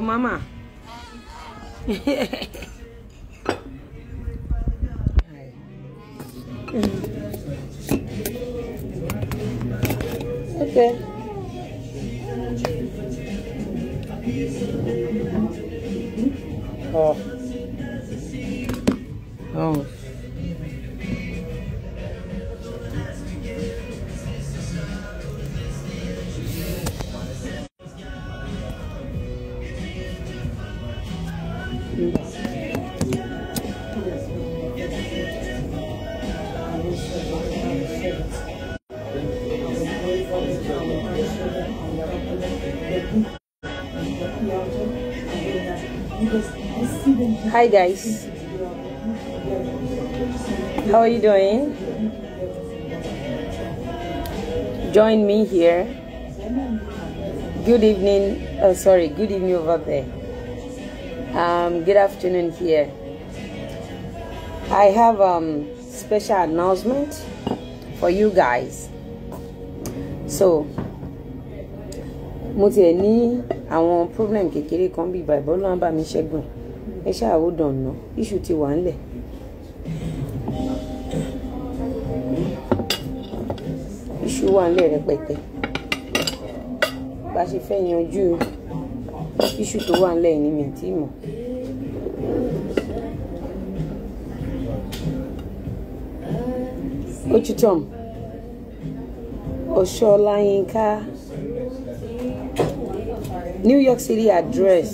little mama. okay. Oh. Hi guys. How are you doing? Join me here. Good evening. Oh, sorry, good evening over there. Um, good afternoon here. I have um special announcement for you guys. So, mo ní àwọn problem kékeré kan bàbá ọlọ́run bá mi ṣẹ́gun. ẹ ṣáà ó dànù iṣu ti wà ńlẹ̀. iṣu wà ńlẹ̀ rẹpẹtẹ bá a ṣe fẹ́ yanjú iṣu tó wà ńlẹ̀ ní mi tí mọ̀. Ochitom Ọ̀ṣọ́láyínká New York City address.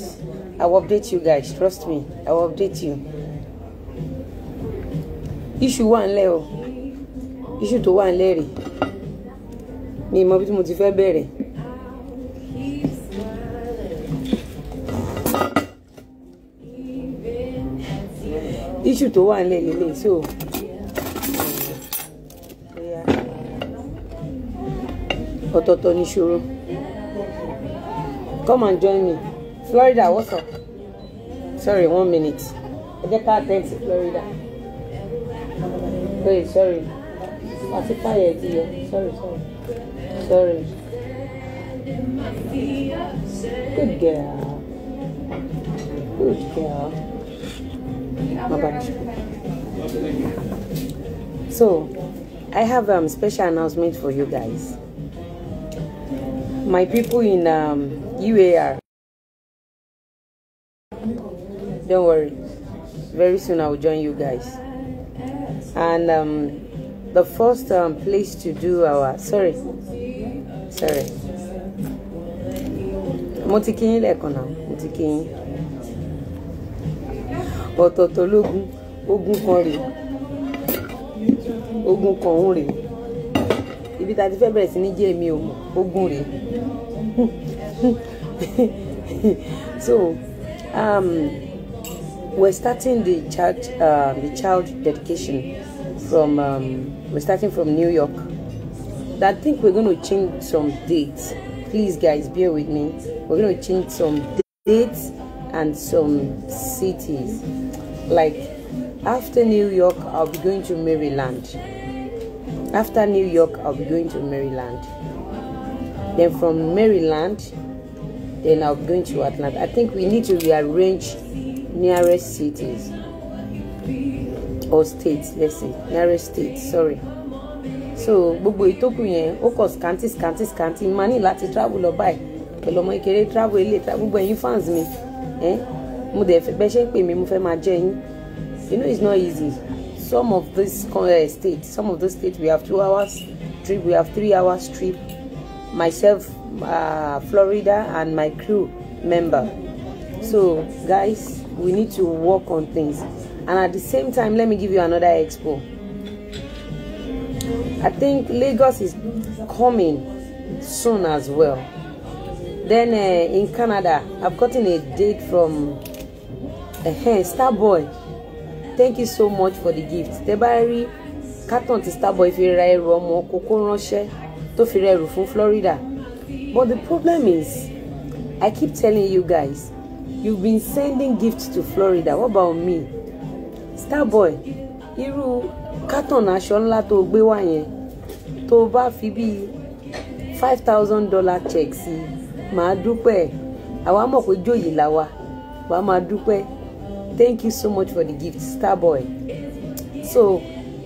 I will update you guys trust me I will update you issue one, Leo. issue two, one, Larry. Me mi mọ bí mo issue tó one, Larry, lélẹ̀ so. ọ̀tọ̀ọ̀tọ̀ ní ṣòro come and join me. Florida, what's up? Sorry, one minute. I just can't attend Florida. Wait, sorry. I see fire here. Sorry, sorry. Sorry. Good girl. Good girl. My bad. So, I have a um, special announcement for you guys. My people in um, UAR. Don't worry. Very soon I will join you guys. And um, the first um, place to do our sorry, sorry. Motikini ti kí yín lẹ́ẹ̀kan ogun mo ti kí kan rèé, ogún kan òun rèé. Ibi tá a ti fẹ́ bẹ̀rẹ̀ sí ní jẹ́ èmi ò mọ̀, ogún So, um, we're starting the child uh, um, the child dedication from um, we're starting from New York. I think we're going to change some dates. Please, guys, bear with me. We're going to change some dates and some cities. Like after New York, I'll be going to Maryland. After New York, I'll be going to Maryland. Then from Maryland, then I'll be going to Atlanta. I think we need to rearrange nearest cities or states let's say nearest states. sorry so gbogbo ìtókù yẹn ó kọ scanty scanty scanty máa ní láti travel lọ báyìí pẹ̀lú ọmọ ìkéré travel ilé gbogbo ẹ̀yin fans mi ẹ́ mo dẹ̀ fẹ́ bẹ́ ṣe ń pè mí mo fẹ́ máa jẹ́ yín you know it's not easy some of these uh, states some of those states we have two hours trip we have three hours trip myself uh, Florida and my crew member So, guys, we need to work on things. And at the same time, let me give you another expo. I think Lagos is coming soon as well. Then uh, in Canada, I've gotten a date from uh, Starboy. Thank you so much for the gift. Tebari carton to Starboy If you're right, Florida. But the problem is, I keep telling you guys, you've been sending gifts to Florida what about me Starboy irú carton aṣọ ńlá tó gbé wá yẹn tó bá fi bíi five thousand dollar check sí màá dúpẹ́ àwa mọ̀ pé jòyè la wàá máa dúpẹ́ thank you so much for the gift Starboy so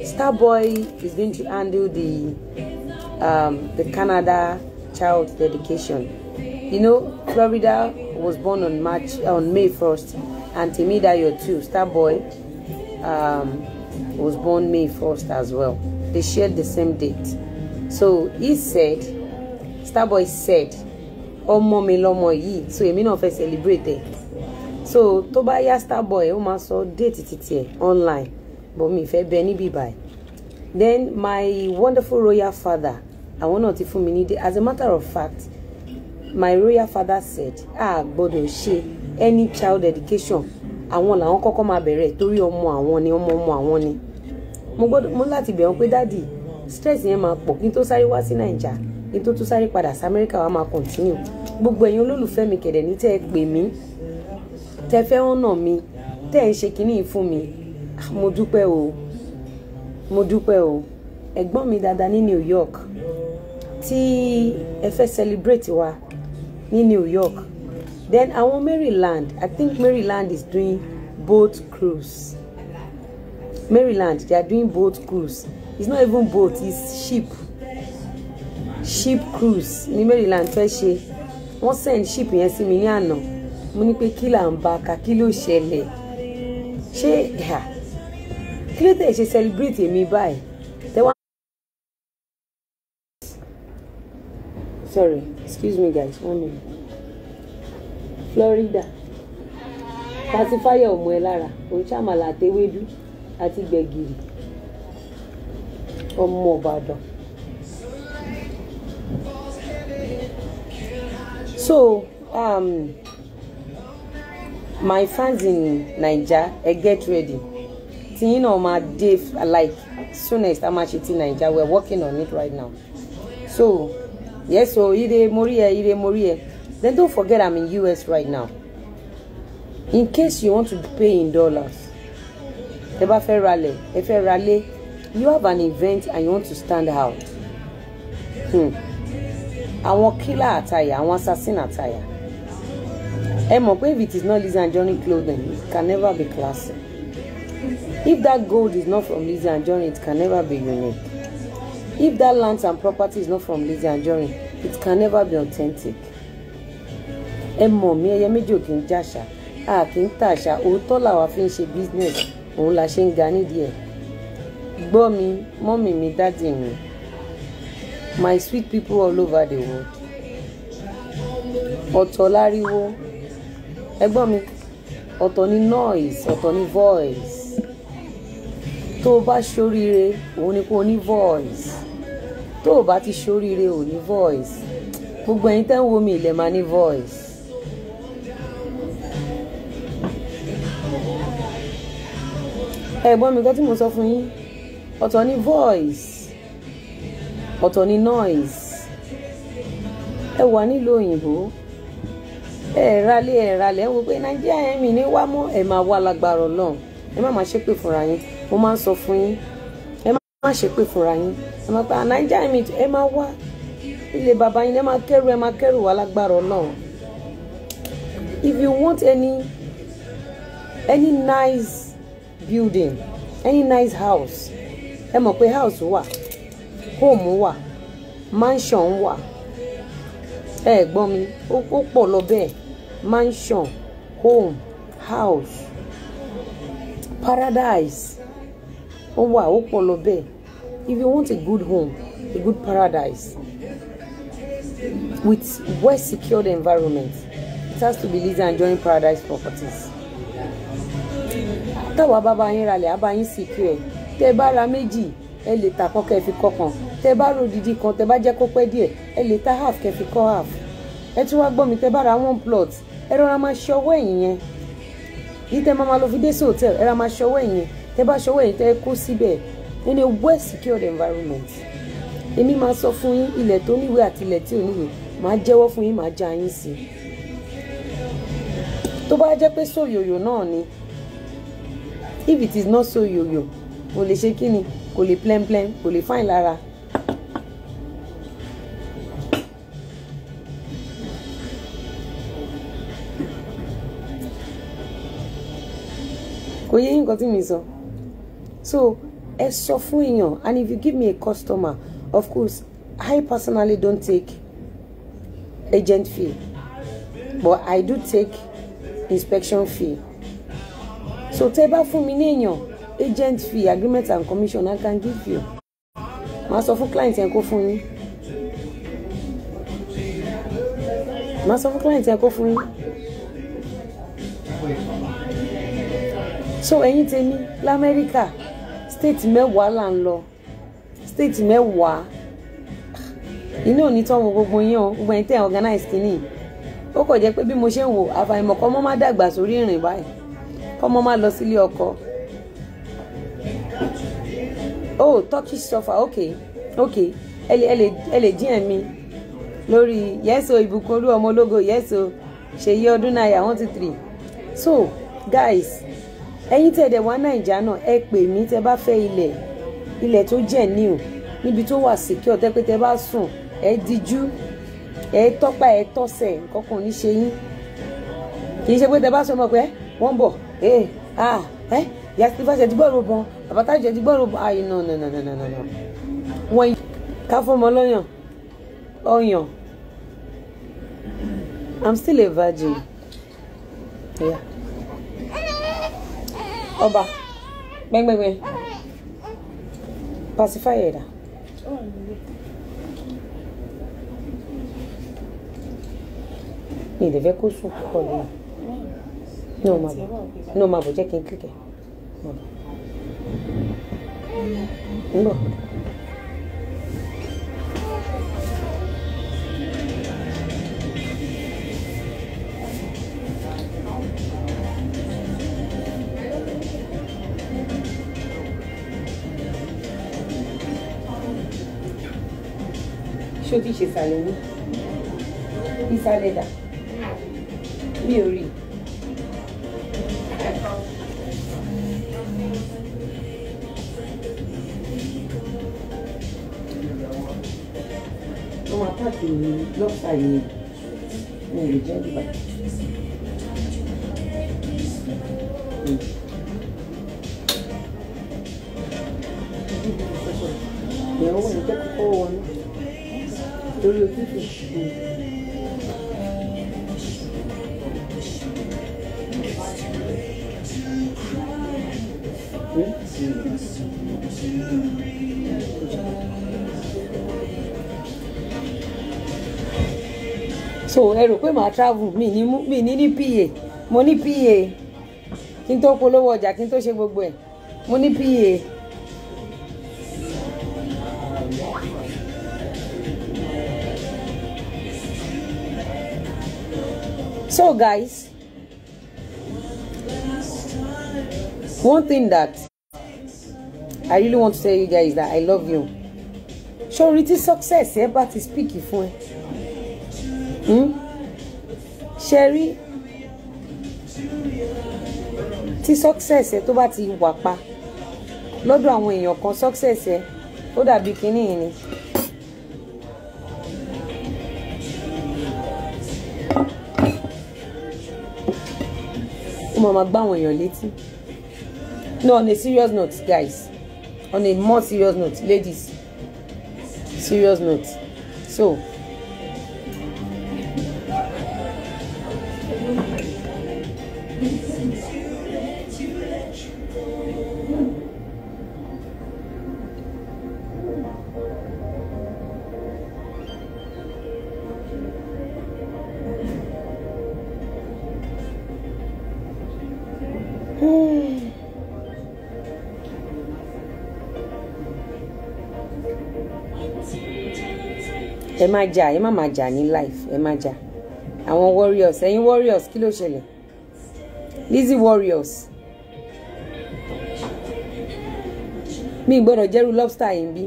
Starboy is going to handle the um, the Canada child dedication you know Florida was born on March on May 1st, and Temi Dayo too, Starboy, um, was born May 1st as well. They shared the same date. So he said, Starboy said, ọmọ mi lọmọ yìí so èmi náà fẹ́ celebrate ẹ̀ so tó bá yá Starboy ó máa sọ date it online but me fair Benny níbí báyìí then my wonderful royal father I want to fún me ní as a matter of fact my royal father said "Ah, gbọ́dọ̀ ṣe any child education àwọn làwọn kọ́kọ́ máa bẹ̀rẹ̀ torí ọmọ àwọn ni ọmọ ọmọ àwọn ni mo gbọ́dọ̀ mo láti bẹ̀ wọ́n pé dáàdì stress yẹn máa pọ̀ kí n tó sáré wá sí nàìjà kí n tó tún sáré padà sí amẹ́ríkà wa máa continue gbogbo ẹ̀yin olólùfẹ́ mi kẹ̀dẹ̀ ní tẹ́ ẹ pè mí tẹ́ fẹ́ ọ̀nà mi tẹ́ ẹ ń ṣe kinní fún mi ah, mo dúpẹ́ o mo dúpẹ́ o ẹ̀gbọ́n mi dáadáa ní New York tí ẹ fẹ́ celebrate wa ní New York then àwọn Maryland I think Maryland is doing boat cruise Maryland they are doing boat cruise it's not even boat it's ship ship cruise ní Maryland fẹ́ ṣe wọ́n send ship yẹn sí mi ní àná mo ní pé kí là ń bá ka kí ló ṣẹlẹ̀ ṣé kí ló tẹ̀ ṣe celebrate èmi báyìí sorry excuse me guys one minute Florida pacifier ọmọ ẹ lára oríṣàmàlà àtẹwédú àti gbẹ̀gìrì ọmọ Ìbàdàn so um, my fans in Naija I get ready tiyin náà máa dey like soonest a máa ṣe in Naija We're working on it right now so yes o ire morie ire morie then don't forget i'm in us right now in case you want to pay in dollars ẹ bá rally, ralẹ̀ ẹ fẹ́ you have an event and you want to stand out Hmm. àwọn kílà àtàyà àwọn assassin àtàyà ẹ mọ̀ pé if it is not and Johnny clothing it can never be classy if that gold is not from and Johnny, it can never be unique If that land and property is not from Lizzie and Jory, it can never be authentic. Ẹ mọ̀ mí ẹyẹ méjì ò Jasha. í jàṣà, a kì í tàṣà, òótọ́ làwa fi ń ṣe business, òun la ṣe ń ga nídìí ẹ̀. Gbọ́ mi, mọ́mì mi, dádì mi, my sweet people all over the world. Ọ̀tọ̀ láriwo, ẹ gbọ́ mi, ọ̀tọ̀ ni noise, ọ̀tọ̀ ni voice tó o bá ṣoríire òun ni kò ní voice tó o bá ti ṣoríire ò ní voice gbogbo ẹ̀yin tẹ́ ń wo mi ilẹ̀ máa ní voice. ẹ̀gbọ́n mi kan tí mo sọ fún yín ọ̀tọ̀ ni voice ọ̀tọ̀ ni noise ẹ wà nílùú òyìnbó ẹ ralé ẹ ralẹ̀ ẹ wò pé nàìjíríà ẹ̀mí ni wá mọ́ ẹ máa wá lágbára ọlọ́run ẹ má máa ṣépè fúnra yín mo máa ń sọ fún yín ẹ má ṣépè fúnra yín ẹ má pa naija emit ẹ má wá ilé bàbá yín ẹ má kẹrù ẹ má kẹrù wá lágbára Ọlọ́run if you want any any nice building any nice house ẹ mọ̀ pé house wà home wà mansion wà ẹ gbọ́ mi ó pọ̀ lọ bẹ́ẹ̀ mansion home house paradise ó wà ó pọ̀ lọ bẹ́ẹ̀ if you want a good home a good paradise with well secured environment it has to be Lizzy Anjorin Paradise Properties táwa bàbá yín ralẹ̀ àbá yín secure tẹ́ bá ra méjì ẹ lè ta kan kẹ́ kọ́ kan tẹ́ bá ro didi kan tẹ́ bá jẹ́ kó pẹ́ díẹ̀ ẹ lè ta half kẹ́ kọ́ half ẹ tún wá gbọ́ mi tẹ́ bá ra one plot ẹ rọra máa ṣọwọ́ ẹ̀yìn yẹn yìí tẹ́ máa ma lọ fi dé sí hòtẹ́ẹ̀lì ẹ rọra máa ṣọwọ́ ẹ̀yìn yẹn tẹ́ bá ṣọwọ́ èyí tẹ́ kó síbẹ̀ in a well secured environment èmi máa sọ fún yín ilẹ̀ tó níwèé àti ilẹ̀ tí ò níwèé máa jẹ́wọ́ fún yín máa já yín sí i tó bá jẹ́ pé sòyòyò náà ni if it is not sòyòyò kò lè ṣe kí ni kò lè plẹ́nplẹ́n kò lè fáìn lára. kò yé yín nǹkan tí mi sọ. So so ẹ sọ fún èèyàn and if you give me a customer of course I personally don't take agent fee but I do take inspection fee so tẹ́ bá fún mi ní agent fee agreement and commission I can give you màá sọ fún client yẹn kó fún yín màá sọ client yẹn kó fún yín so ẹ̀yin tèmi lamẹ́ríkà state mẹ́wàá là ń lọ state mẹ́wàá inú òní tán wo gbogbo yín o gbogbo ẹni tẹ́ organize kínní ó kò jẹ́ pé bí mo ṣe ń wò àfàìmọ̀ kọ́ mọ́ má dàgbà sórí ìrìn báyìí kọ́ mọ́ má lọ sílé ọkọ oh turkish sofa okay okay ẹ lè ẹ lè ẹ lè jí ẹ̀mí lórí yẹ́sọ ìbùkún olú ọmọ ológo yẹ́sọ ṣèyí ọdún náírà one two three so guys ẹ̀yin tẹ̀ dẹ̀ wá nàìjà náà ẹ pè mí tẹ́ bá fẹ́ ilẹ̀ ilẹ̀ tó jẹ́ ní o níbi tó wà secure tẹ́ pé tẹ́ bá sùn ẹ dijú ẹ tọ́pa ẹ tọ́sẹ̀ nǹkan kan ní ṣe yín kì í ṣe pé tẹ́ bá sọ mọ̀ pé wọ́n bọ̀ ẹ à ẹ yàtí bá ṣẹ̀dí bọ́ọ̀lù bọ́n àbátá ṣẹ̀dí bọ́ọ̀lù bọ́n àyè nà nà nà nà nà wọ́n yìí ká fọmọ lọ́yàn ọyàn I'm still a virgin. Yeah ọba gbẹngbẹngbẹ pacifier ẹ̀dá. mi ì lè fẹ́ kó sùn púpọ̀ lónìí náà máa bọ̀ náà máa bọ̀ jẹ́ kí n kíkẹ́ ń bọ̀. ṣé o ti ṣe ìsàlẹ̀ ní ìsàlẹ̀ dà mi ò rí ọmọ apáàkì mi lọ́ọ̀sà yìí mi ò lè jẹ́ ìgbà. Meu, não tem como, né? torí so ẹ rò pé màá travel mi ní mi ní ní pa mo ní pa kí n tó polówó ọjà kí n tó ṣe gbogbo ẹ mo ní pa. So guys, one thing that I really want to tell you guys that I love you. Ṣorí tí success ẹ bá ti speak fún Hmm. Sherry, tí success ẹ tó bá ti wà pa lọ́dọ̀ àwọn èèyàn kan success eh? ó dàbí kínní yìí máa ma gbá àwọn èèyàn létí no on a serious note guys on a more serious note ladies serious note so ẹ má jà ẹ má jà ní life ẹ má jà àwọn warriors ẹ̀yin warriors kí ló ṣẹlẹ̀ Lizzy warriors mi gbọ́dọ̀ jẹ́rú lobster yìí bí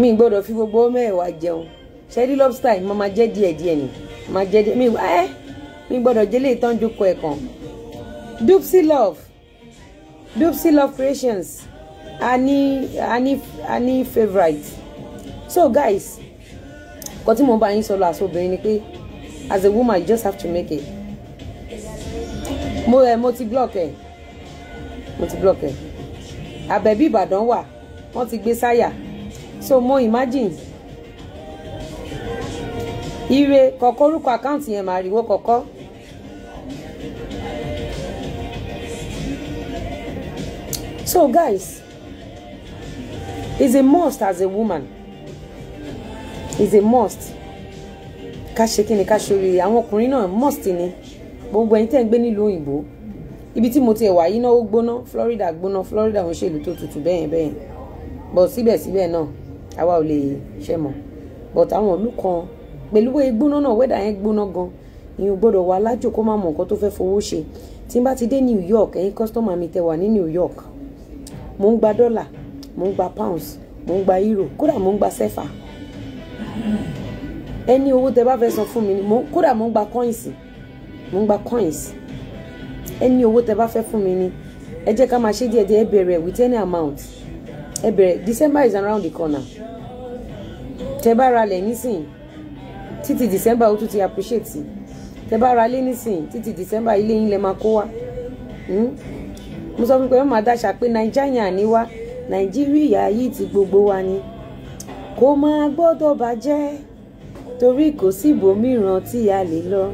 mi gbọ́dọ̀ fi gbogbo mẹ́wàá jẹun ṣẹ́rí lobster yìí máa jẹ́ díẹ̀díẹ̀ ni máa jẹ́ díẹ̀ mi ẹ́ mi gbọ́dọ̀ jẹ́lé ìtọ́jú kọ ẹ̀kan dupsy love dupsy love creations a ní a ní a ní favourite so guys nǹkan tí mo bá yín sọ lọ àti obìnrin ni pé as a woman you just have to make it mo ẹ eh, mo ti block ẹ mo ti block ẹ àbẹ̀bí ìbàdàn wà wọ́n ti gbé sáyà so mo imagine ire kọ̀ọ̀kọ́ orúkọ àkáǹtì yẹn màá ríwó kọ̀ọ̀kọ́. so guys it's a must as a woman is a must ká ṣe kí ni ká ṣe oríire àwọn ọkùnrin náà must ni gbogbo ẹni tẹ́ ń gbé nílùú òyìnbó ibi tí mo ti wà yìí náà ó gbóná Florida gbóná Florida ń ṣèlú tó tutù bẹ́ẹ̀ bẹ́ẹ̀ bọ̀ síbẹ̀síbẹ̀ náà àwa ò lè ṣe mọ̀ but àwọn ìlú kan pẹ̀lú bóyá gbóná náà wẹ́dà yẹn gbóná gan ìyẹn ò gbọ́dọ̀ wà lájò kó má mọ̀ nǹkan tó fẹ́ fowó ṣe tí n bá ti dé New York ẹ̀yin kọ́sítọ́mà mi tẹ wà ní New York mò ń gba dọ́là mò ń gba pounds mò ń gba euro kódà mò ń gba sefa ẹni owó tẹ bá fẹ́ san fún mi ni kódà mo ń gba coins mo ń gba coins ẹni owó tẹ bá fẹ́ fún mi ni ẹ jẹ́ ká máa ṣe díẹ̀ díẹ̀ ẹ bẹ̀rẹ̀ with any amount ẹ bẹ̀rẹ̀ December is around the corner tẹ bá ra lẹ̀ nísìnyí títí December ó tún ti appreciate tẹ bá ra lé nísìnyí títí December ilé yín lẹ máa kó wá hmm? mo sọ fún pé ẹ má dáṣà pé nàìjíríà ni wá nàìjíríà yìí ti gbogbo wa ni. Mm? kó máa gbọ́dọ̀ bàjẹ́ torí kò síbòmíràn tí a lè lọ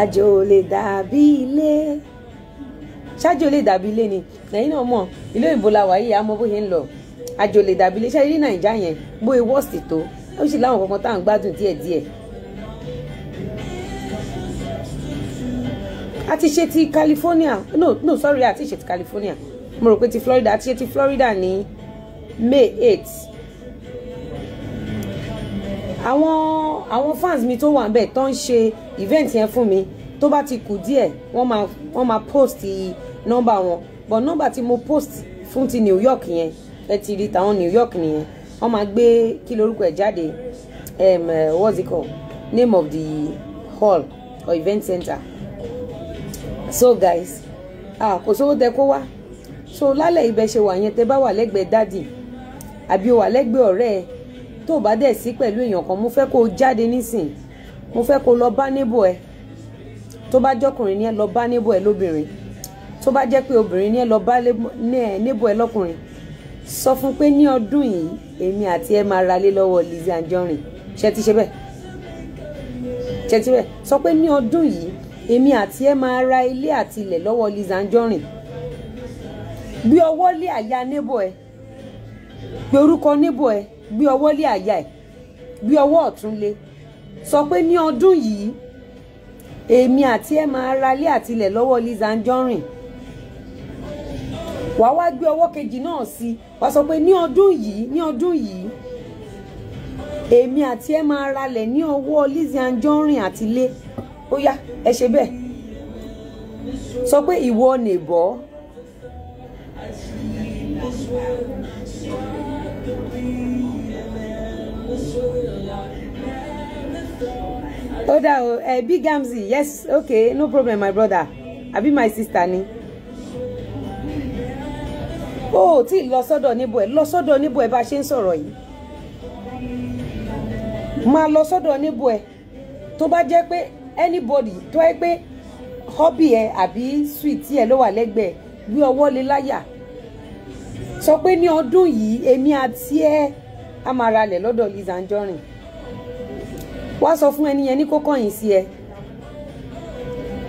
àjò lè dàbí ilé ṣáájú lè dàbí ilé ni lẹ́yìn náà mọ̀ ilé òyìnbó la wà yìí àmọ́ bó ṣe ń lọ àjò ò lè dàbí ilé ṣáájú ní nàìjíríà yẹn bó e wọ́ọ̀sì tó ó sì láwọn kankan tá à ń gbádùn díẹ̀díẹ̀. a ti ṣe ti California no no sorry a ti ṣe ti California mo rò pé ti Florida a ti ṣe ti Florida ní May 8 àwọn àwọn fans mi tó wà ń bẹ̀ tó ń ṣe event yẹn fún mi tó bá ti kù díẹ̀ wọ́n máa wọ́n máa post nọ́mbà wọn but nọ́mbà tí mo post fún ti New York yẹn ẹ ti rí tàwọn New York nìyẹn wọ́n máa gbé kí lorúkọ ẹ̀ jáde um, what's it called name of the hall or event center so guys kò sówó tẹ kó wá so lálẹ́ ibẹ̀ ṣe wà yẹn tẹ bá wà lẹ́gbẹ̀ẹ́ dádì àbí o wà lẹ́gbẹ̀ẹ́ ọ̀rẹ́ ẹ̀ tó bá dẹ̀ sí pẹ̀lú èèyàn kan mo fẹ́ kó o jáde nísìn mo fẹ́ kó o lọ bá níbò ẹ tó bá jọkùnrin ní ẹ lọ bá níbò ẹ lóbìnrin tó bá jẹ́ pé obìnrin ní ẹ lọ bá níbò ẹ lọ́kùnrin sọ fún pé ní ọdún yìí èmi àti ẹ máa ralé lọ́wọ́ Lizzy Anjorin ṣe ti ṣe bẹ́ẹ̀ ṣe ti bẹ́ẹ̀ sọ pé ní ọdún yìí èmi àti ẹ máa ra ilé àti ilẹ̀ lọ́wọ́ Lizzy Anjorin gbé ọwọ́ lé àyà níbò ẹ gbé orúkọ níbò ẹ gbé ọwọ́ lé àyà ẹ̀ gbé ọwọ́ ọ̀tún lé sọ pé ní ọdún yìí èmi àti ẹ máa ralé àtilẹ̀ lọ́wọ́ Lizzy Anjorin wàá wá gbé ọwọ́ kejì náà sí wàá sọ pé ní ọdún yìí ní ọdún yìí èmi àti ẹ máa ralẹ̀ ní ọwọ́ Lizzy Anjorin àtilé ó yá ẹ ṣe bẹ́ẹ̀ sọ pé ìwọ nìbọ. Thank you ó dà o ẹ eh, bí Gamzi yes okay no problem my brother I be my sister ni. Oh, ò tí ì boy, sọ́dọ̀ níbo boy lọ sọ́dọ̀ níbo ẹ̀ bá ṣe ń sọ̀rọ̀ yìí máa lọ sọ́dọ̀ níbo ẹ̀ tó bá jẹ́ pé anybody tó ẹ pé hobby ẹ àbí sweet ẹ ló wà lẹ́gbẹ̀ẹ́ gbé ọwọ́ lé láyà sọ pé ní ọdún yìí èmi E, a máa ralẹ̀ lọ́dọ̀ Liz Anjorin wá sọ fún ẹni yẹn ní kókó yìí sí ẹ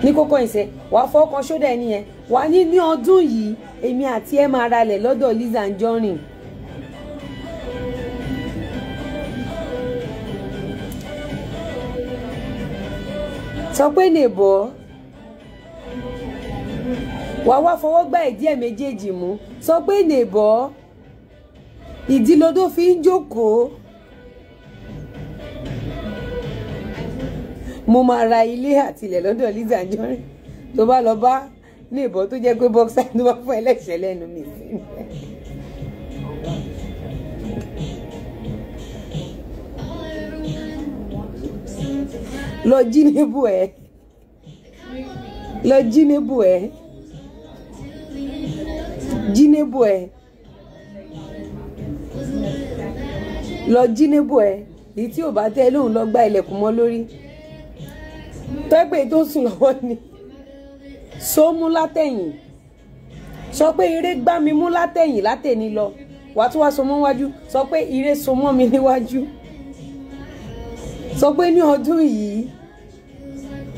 ní kókó yìí sí ẹ wàá fọkàn ṣódà ẹni yẹn wàá ní ní ọdún yìí èmi àti ẹ máa ralẹ̀ lọ́dọ̀ Liz Anjorin. sọ pé nèbọ wàá wá fọwọ́ gbá ìdí ẹ̀ méjèèjì mú sọ pé nèbọ. So ìdílọ tó fi ń jókòó mo máa ra ilé àtìlẹ̀ lọ́dọ̀ Lizzy Anjorin tó bá lọ bá ní ìbọn tó jẹ́ pé bọ́ksá tó bá fún ẹlẹ́ṣẹ̀ lẹ́nu mi sí ni. lọ jí níbù ẹ lọ jí níbù ẹ jí níbù ẹ. lọ jí níbò ẹ èyí tí ò bá tẹ lóun lọ gba ilẹ̀kùn mọ́ lórí tẹ́gbẹ́ tó sùn lọ́wọ́ ni sómú látẹ̀yìn sọ pé eré gbá mi mú látẹ̀yìn látẹ̀ni lọ wàá tún wá so mọ́ wájú sọ pé eré so mọ́ mi níwájú sọ pé ní ọdún yìí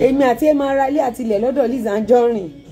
èmi àti ẹ máa ra ilé àtilẹ̀ lọ́dọ̀ Liz Anjorin.